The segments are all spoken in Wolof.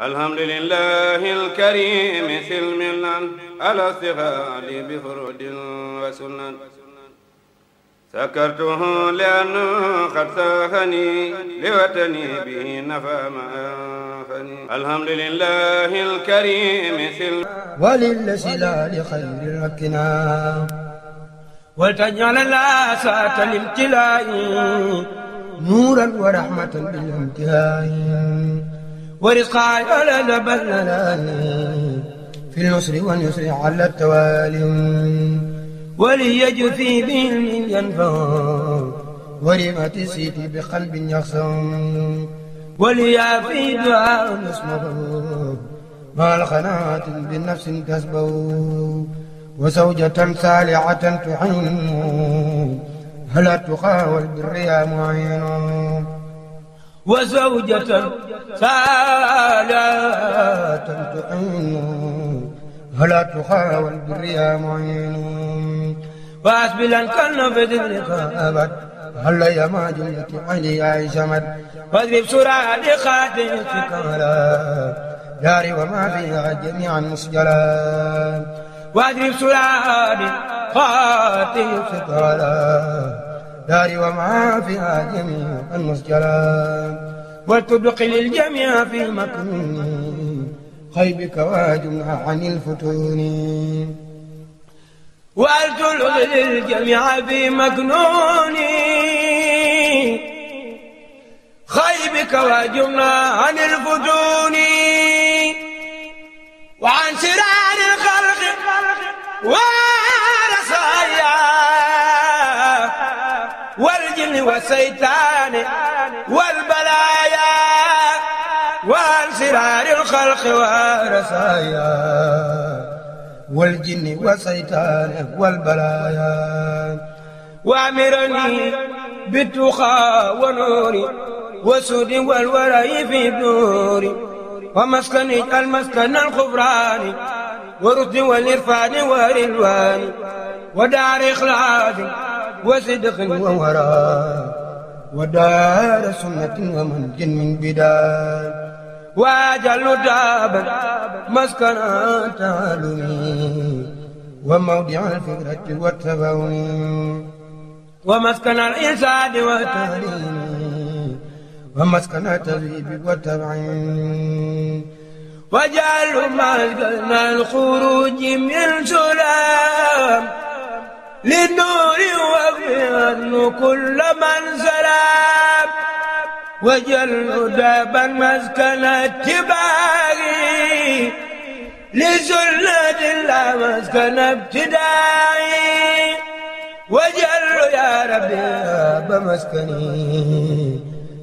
الحمد لله الكريم سلمنا على استفاد بفرود وسنن سكرته لأنه قد ساخني لوطني به نفى مآفني الحمد لله الكريم سلمنا وللسلال خير ركنا ولتجعل الآساة للابتلاء نورا ورحمة بالامتهاء ورقاي ولا بلناني في اليسر واليسر على التوالي وليجثي بهم إن ينفهم ورمة سيدي بقلب يخصم وليافي دعاء اسمه مع القناعة بنفس كسبه وزوجة صالحة تعين هل تقاول بالريا معينه wa zawjatan salatan tu'inu fala tuxaawal birriya mu'inu wasbilan kalna fi dibrika abad هلا يا ما جملة علي يا جمد واضرب سرعة لخاتمتك على داري وما فيها جميعا مسجلا واضرب سرعة لخاتمتك على الدار وما فيها جميعا مسجلا ولتدخل الجميع في مكن خيبك واجمع عن الفتون ولتدخل الجميع في مكنون خيبك واجمع عن الفتون وعن سرار الخلق الجن والسيطان والبلايا وعن سرار الخلق والرسايا والجن والسيطان والبلايا وامرني بالتقى ونوري وسود والورى في دوري ومسكن المسكن الغفران ورد والإرفان والإلوان ودار إخلاص وصدق ووراء ودار سنة ومنج من بدار وأجل دابا مسكن تعلمي وموضع الفكرة والتفاهم ومسكن الإنسان والتعليم ومسكن التدريب والتبعيم وجعل مسكن الخروج من سلام لنور وفضل كل من سلام وجل دابا مسكن اتباعي لسنة الله مسكن ابتدائي وجل يا ربي هاب مسكني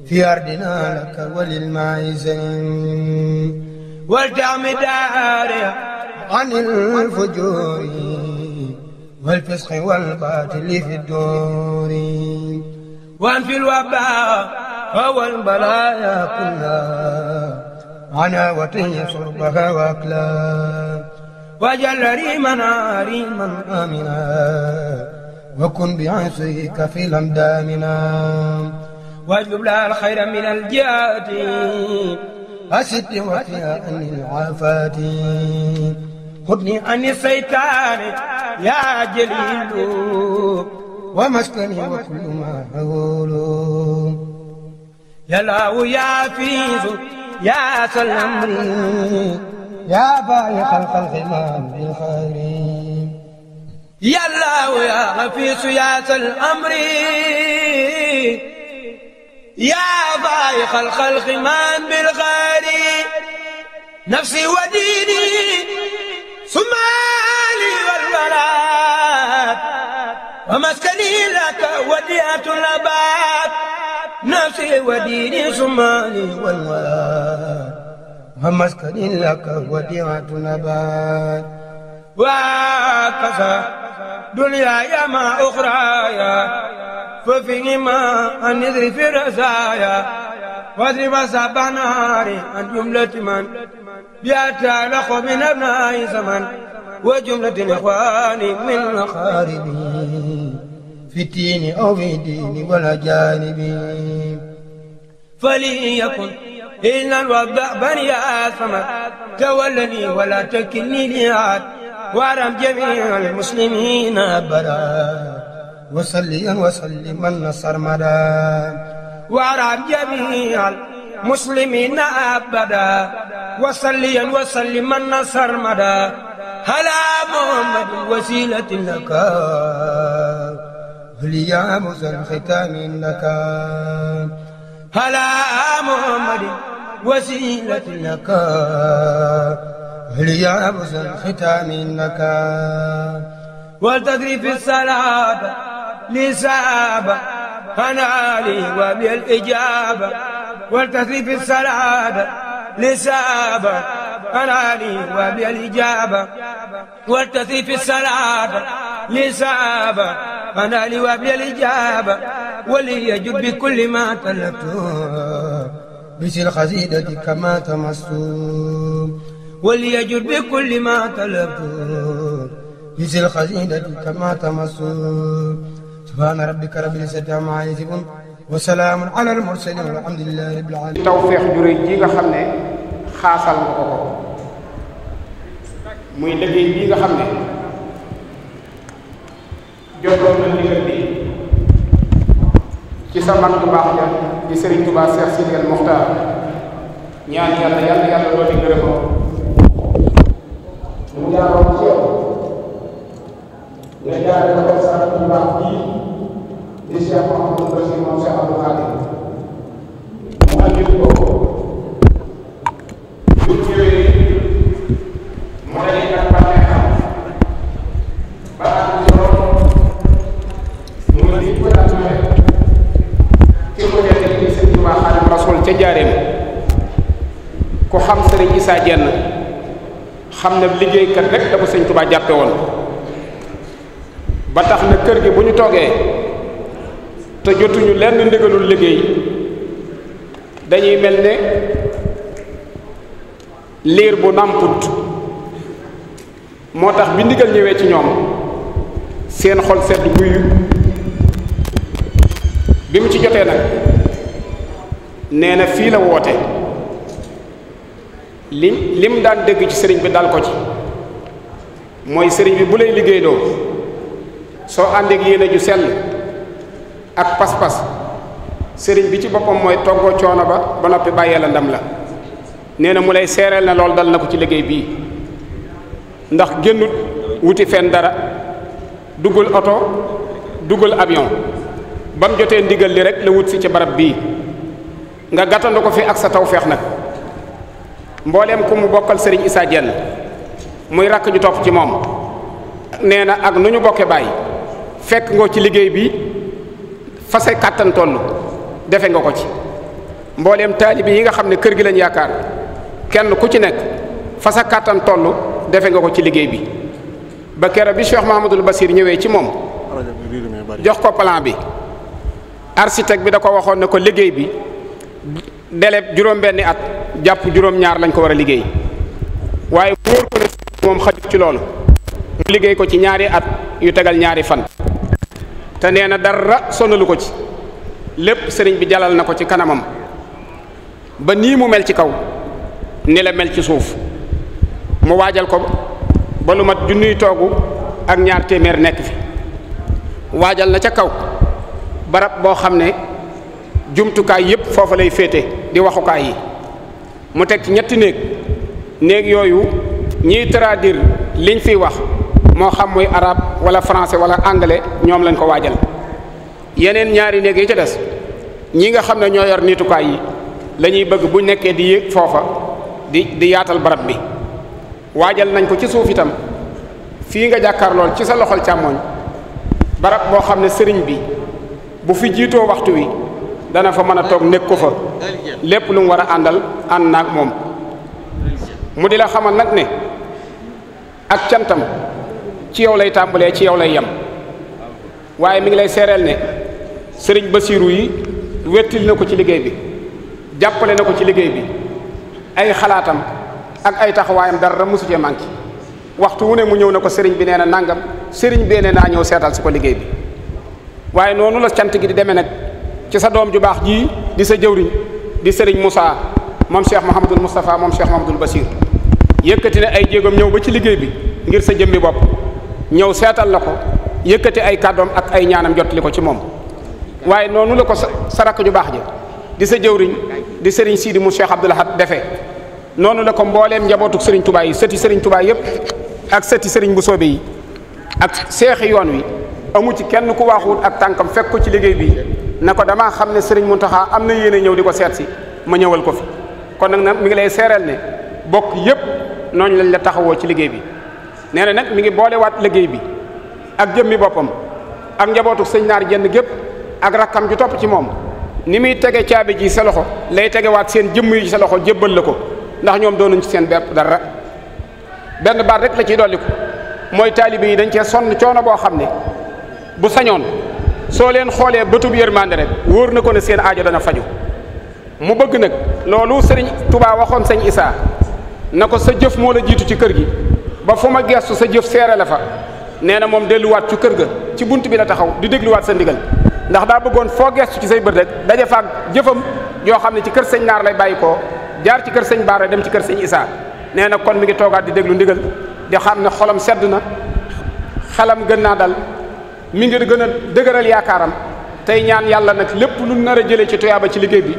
في أرضنا لك وللمعيزين والتعم داري عن الفجور والفسق والقاتل في الدور وانفي الوباء والبلايا كلها عنا وطي صربها واكلا وجل ريمنا ريما امنا وكن بعصيك في لمدامنا واجلب لها الخير من الجهات أسد وفي أن العافات خذني عن الشيطان يا جليل ومسكني وكل ما أقول يا الله يا فيز يا سلام يا باي خلق الغمام بالخير يا الله يا غفيس يا سلام يا باي خلق الغمام بالخير نفسي وديني ثم البلاد ومسكني لك وديعة الأباد نفسي وديني سماني والواد ومسكني لك وديعة الأباد وكفى دنياي ما أخرايا ففيهما أن نذري في الرزايا واضرب سبع نهار عن جملة من بأتى لخو من أبناء زمن وجملة الإخوان من أقارب في الدين أو في الدين والأجانب فليكن إلا الوضع بني آثم تولني ولا تكلني لعاد وارم جميع المسلمين أبدا وصليا وسلما سرمدا وارم جميع المسلمين أبدا وصليا وسلما سرمدا هلا محمد وسيلة لك هل يا موسى الختام لك هلا محمد وسيلة لك هل يا موسى الختام لك والتدري في الصلاة لسابة أنا لي وبالإجابة والتدري في الصلاة لسابة أناني وبي الإجابة والتثي في الصلاة لسابة أناني وبي الإجابة وليجد بكل ما طلبته بس القصيدة كما تمسوا وليجد بكل ما طلبته بس القصيدة كما تمسوا سبحان ربك رب العزة عما يصفون wa salaamun ala al mursalin walhamdulillahi rabbil alamin tawfeex juróom ji nga xam ne xaasal nga ko ko muy liggéey bii nga xam ne jotoon na ndigal bi ci sa mag bu baax ja di Serigne Touba Cheikh Sidi El Mokhtar ñaan yàlla yàlla yàlla loolu di gërëm xam ne liggéeykat rekk da ko sëñ Tuubaa jàppe woon ba tax na kër gi bu ñu toogee te jotuñu lenn ndigalul liggéey dañuy mel ne liir bu nàmput moo tax bi ndigal ñëwee ci ñoom seen xol sedd guyu bi mu ci jotee nag nee na fii la woote li lim daan dégg ci sëriñ bi dal ko ci mooy sëriñ bi bu lay liggéeyloo soo àndeek yéene ju sell ak pas-pas sëriñ bi ci boppam mooy toggoo coono ba ba noppi bàyyee la ndam la nee na mu lay seereel na lool dal na ko ci liggéey bii ndax génnut wuti fenn dara duggul oto duggul avion ba mu jotee ndigal li rek la wut si ci barab bii nga gàttandu ko fi ak sa taw feex nag mbooleem ku mu bokkal sëriñ Issa Diène muy rakk ñu topp ci moom nee na ak nu ñu bokke bàyyi fekk nga ci liggéey bi fase kàttan toll defe nga ko ci mbooleem taalibi yi nga xam ne kër gi lañ yaakaar kenn ku ci nekk fasa kàttan toll defe nga ko ci liggéey bi ba kera bi Cheikh Mahamadul Basir ñëwee ci moom jox ko plan bi architecte bi da ko waxoon ne ko liggéey bi délai juróom-benni at jàpp juróom-ñaar lañ ko war a liggéey waaye wóor ko ne moom xajut ci loolu mu liggéey ko ci ñaari at yu tegal ñaari fan te nee na dara sonalu ko ci lépp sëriñ bi jalal na ko ci kanamam ba nii mu mel ci kaw ni la mel ci suuf mu waajal ko ba lu mat junniy toogu ak ñaar téeméer nekk fi waajal na ca kaw barab boo xam ne jumtukaay yépp foofa lay féete di waxukaay yi mu teg ci ñetti néeg néeg yooyu ñiy traduire liñ fiy wax moo xam muy arabe wala français wala anglais ñoom lañ ko waajal yeneen ñaari néeg yi ca des ñi nga xam ne ñoo yor niitukaay yi lañuy bëgg bu nekkee di yéeg foofa di di yaatal barab bi waajal nañ ko ci suuf itam fii nga jàkkaarlool ci sa loxol càmmooñ barab boo xam ne sëriñ bi bu fi jiitoo waxtu wi dana fa mën a toog nekk ko fa lépp lu mu war a àndal ànd naag moom mu di la xamal nag ne ak cantam ci yow lay tàmbalee ci yow lay yem waaye mu ngi lay seereel ne sëriñ ba Basiiru yi wettili na ko ci liggéey bi jàppale na ko ci liggéey bi ay xalaatam ak ay taxawaayam dara mosu cee manqué waxtu wu ne mu ñëw na ko sëriñ bi nee na nangam sëriñ bee nee naa ñëw seetal si ko liggéey bi waaye noonu la cant gi di demee nag. ci sa doom ju baax jii di sa jëwriñ di sëriñ Moussa moom Cheikh Mouhamadul Moustapha moom Cheikh Mouhamadul Bachir yëkkati ne ay jéegoom ñëw ba ci liggéey bi ngir sa jëmmi bopp ñëw seetal la ko yëkkati ay kàddoom ak ay ñaanam jottali ko ci moom waaye noonu la ko sa rakk ju baax ji di sa jëwriñ di sëriñ Sidi mu Cheikh Abdoul Ahad defe noonu la ko mbooleem njabootuk sëriñ Touba yi sëti sëriñ tubaay yëpp ak sëti sëriñ bu soobe yi ak seexi yoon wi amu ci kenn ku waaxuwut ak tànkam fekk ko ci liggéey bi na ko damaa xam ne sëriñ Muntaxa am na yéene ñëw di ko seet si ma ñëwal ko fi kon nag nag mu ngi lay seereel ne bokk yépp nooñu lañ la taxawoo ci liggéey bi nee nag mi ngi boolewaat liggéey bi ak jëmmi boppam ak njabootu sëñ naar jenn gépp ak rakkam ju topp ci moom ni muy tege caabi ji sa loxo lay tegewaat seen jëmm yi sa loxo jébbal la ko ndax ñoom doonuñ ci seen bépp dara benn baat rek la ciy dolliku mooy taalibe dañ cee sonn coono boo xam ne bu sañoon soo leen xoolee bëtub yërmande rek wóor na ko ne seen aajo dana faju mu bëgg nag loolu sëriñ Touba waxoon sëñ Isaa na ko sa jëf moo la jiitu ci kër gi ba fu ma gestu sa jëf seere la fa nee na moom delluwaat ci kër ga ci bunt bi la taxaw di dégluwaat sa ndigal ndax daa bëggoon foo gestu ci say bët rek daje faag jëfam yoo xam ne ci kër sëñ Naar lay bàyyi koo jaar ci kër sëñ Baara dem ci kër sëñ Isaa nee na kon mu ngi toogaat di déglu ndigal di xam ne xolam sedd na xelam gën naa dal mi ngi gën a dëgëral yaakaaram tey ñaan yàlla nag lépp lu nar a jëlee ci tuyaaba ci liggéey bi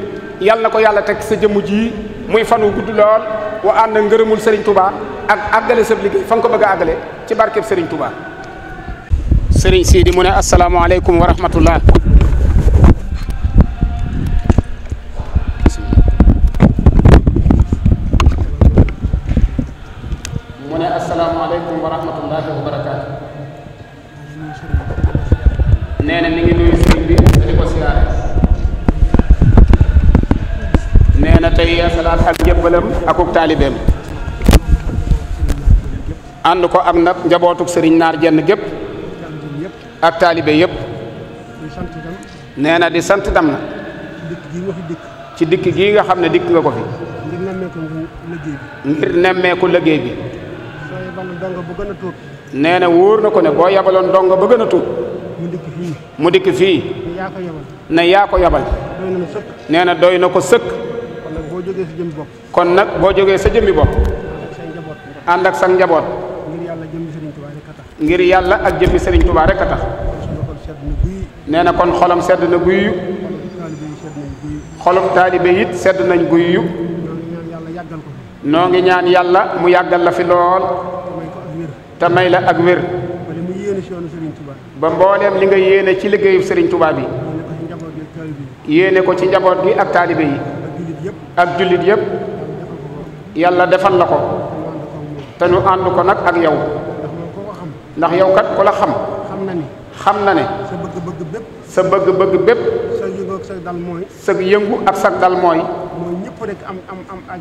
yàlla na ko yàlla teg sa jëmm ji muy fanu gudd lool wa ànd ngërëmul Serigne Touba ak àggale sa liggéey fa nga ko bëgg a àggale ci barkeb Serigne Touba. Serigne Sidi mu ne asalaamaaleykum wa rahmatullah akuk taalibeem ànd ko ak nag njabootuk sëriñ naar jenn gépp ak taalibe yépp nee na di sant dam na ci dikk gi nga xam ne dikk nga ko fi ngir nemmeeku liggéey bi nee na wóor na ko ne boo yabaloon donga ba gën a tuut mu dikk fii ne yaa ko yabal nee na doy na ko sëkk jógee sa jëmmi kon nag boo jógee sa jëmbi bopp. ànd ak sa njaboot. ngir yàlla jëmmi Serigne Touba ngir yàlla ak jëmmi Serigne Touba rek a tax. nee na kon xolam sedd na guy yu. xolub taalibe it sedd nañ guy yu. noo ngi ñaan yàlla mu yàggal la fi lool. te may la ak wér. ba mbooleem li nga yéene ci liggéeyu Serigne tubaab yi yéene ko ci njaboot gi ak taalibe yi. ak jullit yëpp yàlla defal la ko te nu ànd ko nag ak yow ndax yow kat ku la xam xam na ne sa bëgg-bëgg bépp sa yëngu ak sa dal mooy mooy ñëpp rek am am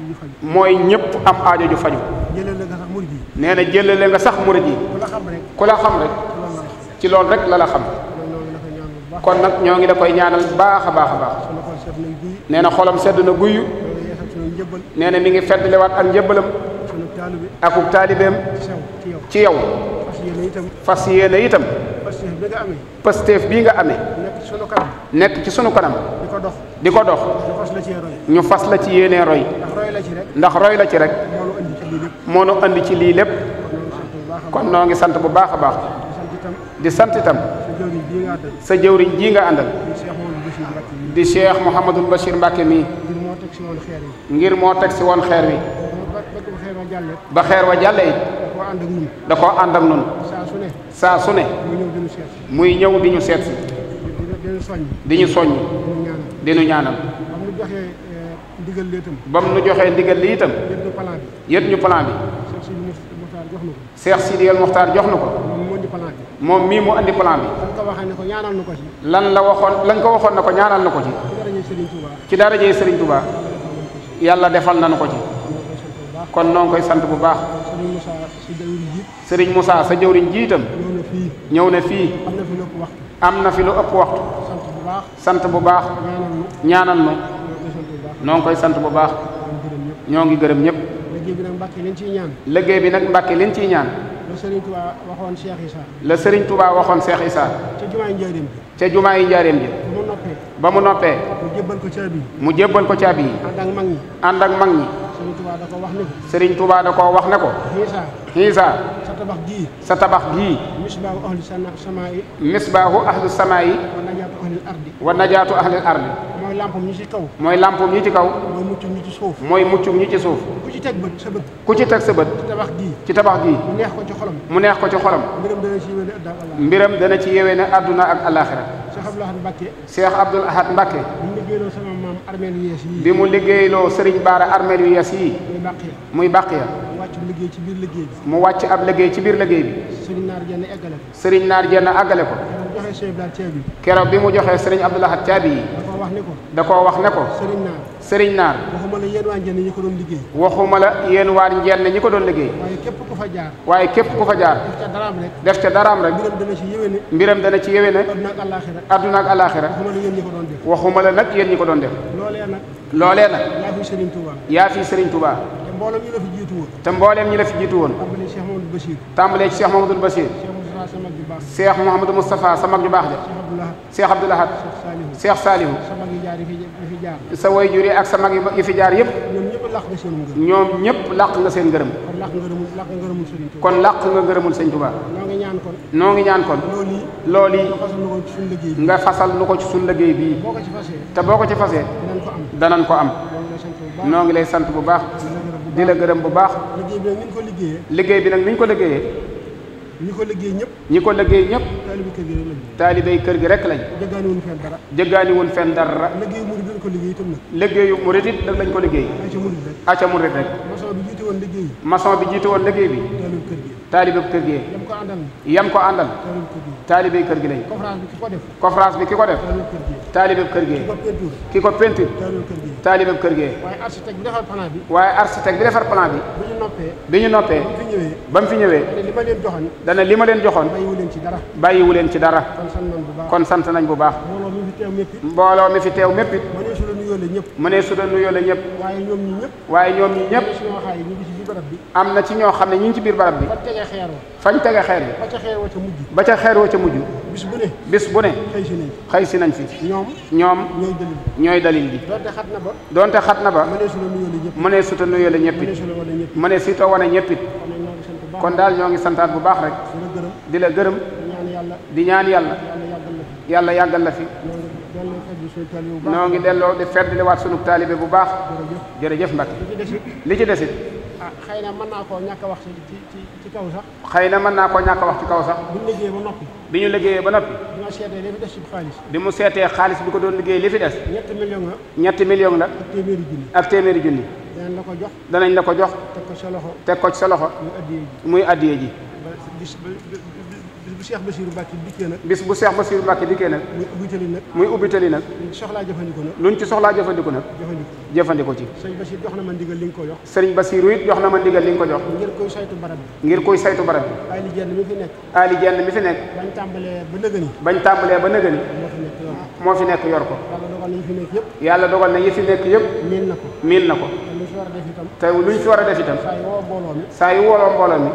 ju faju ñëpp am aajo ju faju jëlale nga nee na jëlale nga sax murid yi ku la xam rek ku la ci loolu rek la la xam kon nag ñoo ngi la koy ñaanal baax a baax a baax nee na xolam sedd na guyu nee na mi ngi feddlewaat ak njëbbalam akuk taalibeem ci yow fas yéene itam pasteef bii nga amee nekk ci sunu kanam di ko dox ñu fas la ci yéenee roy ndax roy la ci rek moo nu andi ci lii lépp kon noo ngi sant bu baax a baax di santitam sa jëwriñ jii nga àndal di cheikh Mouhamadul Bachir Mbacke mii ngir moo teg si woon xeer wi ba xeer wa jàlle it da koo ànd ak nun saa su ne muy ñëw di ñu seet si di ñu soññ di ñu ñaanal ba mu nu joxee eh, ndigal li itam yët ñu plan bi seex Sidi El Muxtaar jox na ko plan moom mii mu andi plan bi. lan ko waxee ne ko lan la waxoon lan ko waxoon na ko ñaanal na ko ci. ci darajee Serigne Touba. yàlla defal nañu ko ci. kon noo koy sant bu baax. Serigne Moussa sa jëwriñ jiitam. ñëw na fii. am na fi lu ëpp waxtu. sant bu baax. ñaanal nu noo koy sant bu baax. ñoo ngi gërëm ñëpp. liggéey bi nag mbàkke liñ ciy ñaan. liggéey bi nag mbàkke liñ ciy ñaan. la Serigne Touba waxoon Cheikh la Serigne Touba waxoon Cheikh Issa. ca jumaa yi njaareem ji. yi njaareem ba mu noppee. ba mu noppee. mu jébbal ko caabi yi. mu jébbal ko caabi yi. ànd ak mag ñi. ànd ak mag ñi. Serigne Touba da ko wax ne ko. Serigne sa tabax gii. sa tabax gii. misbaahu ahli sama yi. misbaahu ahli sama yi. wa najaatu ahli ardi. wa najaatu ahli ardi. mooy lampam ñi ci kaw. mooy lampam ñi ci kaw. mooy muccum ñi ci suuf. mooy muccum ñi ci suuf. ku ci teg sa bët. ku ci teg sa bët. ci gii ci tabax gii. mu neex ko ci xolam. mu neex ko ci xolam. mbiram dana ci yéwee ne àdduna ak alaaxira. Cheikh Abdoul Ahad Mbacké. Cheikh Abdoul Ahad Mbacké. bi mu liggéeyloo Serigne Bara armeel yu yees yii. muy bàqiya mu wàcc ab liggéey ci biir liggéey bi. Serigne Naar Jenn àggale ko. keroog bi mu joxee sëriñ Abdoulahat caabi yi. da koo wax ne ko. sëriñ naar waxuma la yéen waa njëriñ ñu ko doon liggéey. waxuma la yéen waa njëriñ ñi ko doon liggéey. waaye képp ku fa jaar. waaye képp ku fa jaar. def ca daraam rek. def ca daraam rek. mbiram dana ci yéwéne. ci yéwéne. adduna ak alaaxira. adduna ak alaaxira. waxuma la yéen ñi ko doon def. waxuma la nag yéen ñu ko doon def. loolee nag. loolee nag. yaa fi sëriñ Touba. yaa fi sëriñ Touba. te mbooleem ñi la fi jiitu woon. te mbooleem ñi la fi jiitu woon. seex Mouhamadou Moustapha sa mag ju baax ja seex Abdou Lahad seex Saalihu sa way juri ak sa mag yi fi jaar yëpp ñoom ñëpp làq nga seen ngërëm kon làq nga ngërëmul sëñ Tuubaa noo ngi ñaan kon loolu yi nga fasal nu ko ci suñ liggéey bii te boo ko ci fasee danañ ko am noo ngi lay sant bu baax di la gërëm bu baax liggéey bi nag ni ñu ko liggéeyee ñi ko liggéey ñëpp. ñi ko liggéey ñëpp. taalibay kër gi rek lañ. taalibay kër gi dara. ko liggéey itam nag liggéeyu murit it nag lañ ko liggéey aca murit rek maçon bi jiite woon liggéey maçon bi jiite woon liggéey bi taalibe kër gi yam ko àndal taalibe kër gi lañ conférence bi ki ko def taalibe kër gi ki ko peinture taalibe kër gi waaye architecte bi defar plan bi bi ñu noppee ba mu fi ñëwee dana li ma leen joxoon bàyyiwu leen ci dara kon sant nañ bu baax mbooloo mi fi teew méppit nuyoole ñëpp mu ne su doon nuyoole ñëpp ñu ngi ci biir ba ca xeer wa ca mujj ba ca xeer wa ca mujj bis bu ne bu ne si nañ xëy si nañ fi ñoom ñoom ñooy dalil ñooy dalil na ba donte xat na ba mu ne su ta nuyoole ñëpp it mu ne su ta wane ñëpp it kon daal ñoo ngi santaat bu baax rek di la gërëm di ñaan yàlla yàlla yàggal la fi noo ngi delloo di feddliwaat sunu taalibe bu baax. jërëjëf Mbacke li ci desit ah xëy na mën naa koo ñàkk a wax ci ci ci kaw sax. xëy na mën naa koo ñàkk wax kaw sax. bi ñu liggéeyee ba noppi. bi ñu liggéeyee ba noppi. bi ma seetee mu seetee xaalis bi ko doon liggéey li fi des. ñetti million la. ñetti million la. ak téeméeri junni. ak téeméeri junni. danañ la ko jox. danañ la ko jox. teg ko ci sa loxo. ko ci sa loxo. muy addiyee ji muy Cheikh Bassirou Mbacké dikkee nag bis bu Cheikh Bassirou Mbacké dikkee nag muy ubbitali nag muy ubbitali nag luñ ci soxlaa jëfandiku nag jëfandiku jëfandiku ci sëriñ Bassirou jox li ko jox sëriñ Bassirou it jox na ma ndigal li nga ko jox ngir koy saytu barab bi ngir koy saytu barab bi Ali Jenn mi fi nekk Ali Jenn mi fi nekk bañ tàmbalee ba nëgëni bañ tàmbalee ba nëgëni moo fi nekk yor ko yàlla dogal na yi fi nekk yëpp miin na ko miin na ko war a te lu ñu ci war a def itam. saa yu woo mbooloo mi.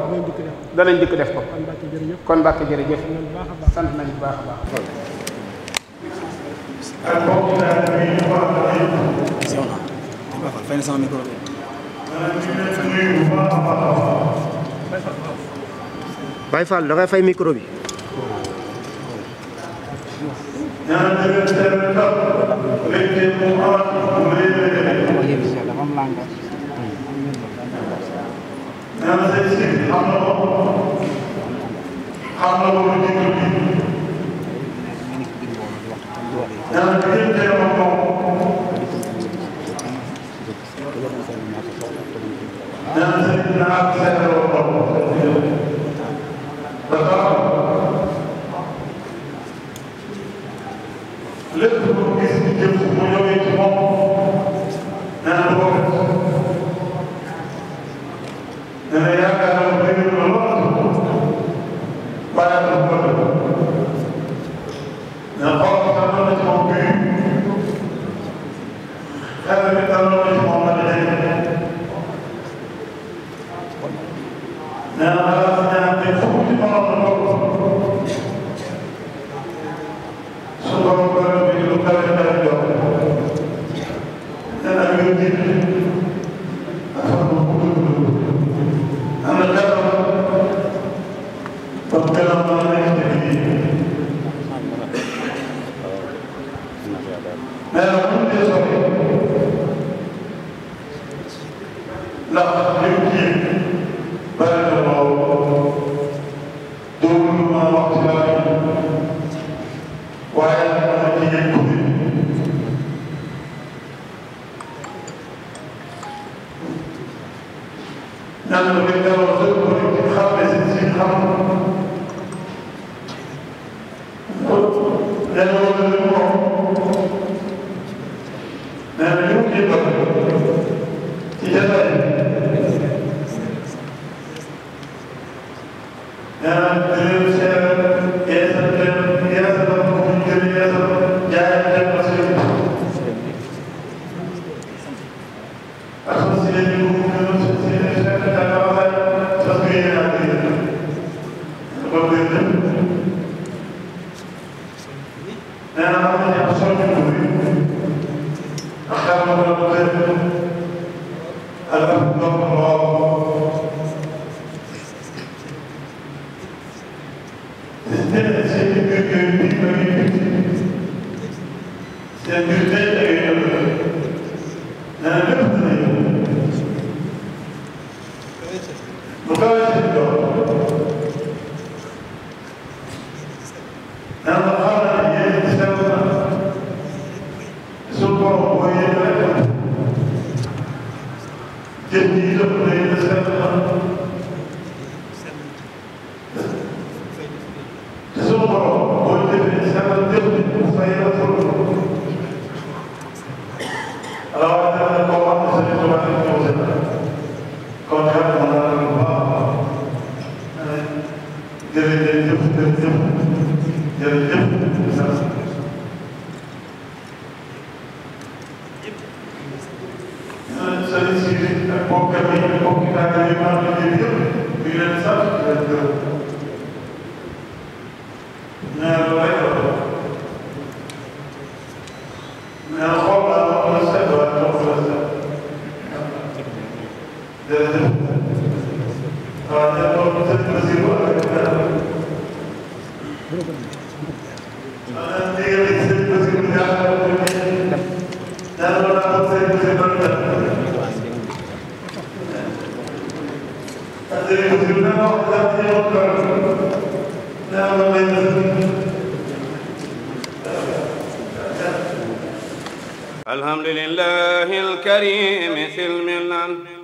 danañ dikk def ko kon Mbàkke jërëjëf kon Mbàkke jërëjëf. sant bu baax a baax. ak fay na bi. xam na ko xam na ko lu jiitu bi boobu Thank you. الحمد لله الكريم سلم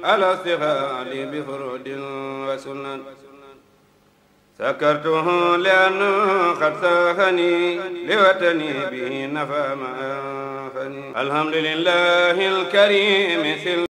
على استغلال بفرود وسنن سكرته لأنه قد ساخني لوطني به نفى ما الحمد لله الكريم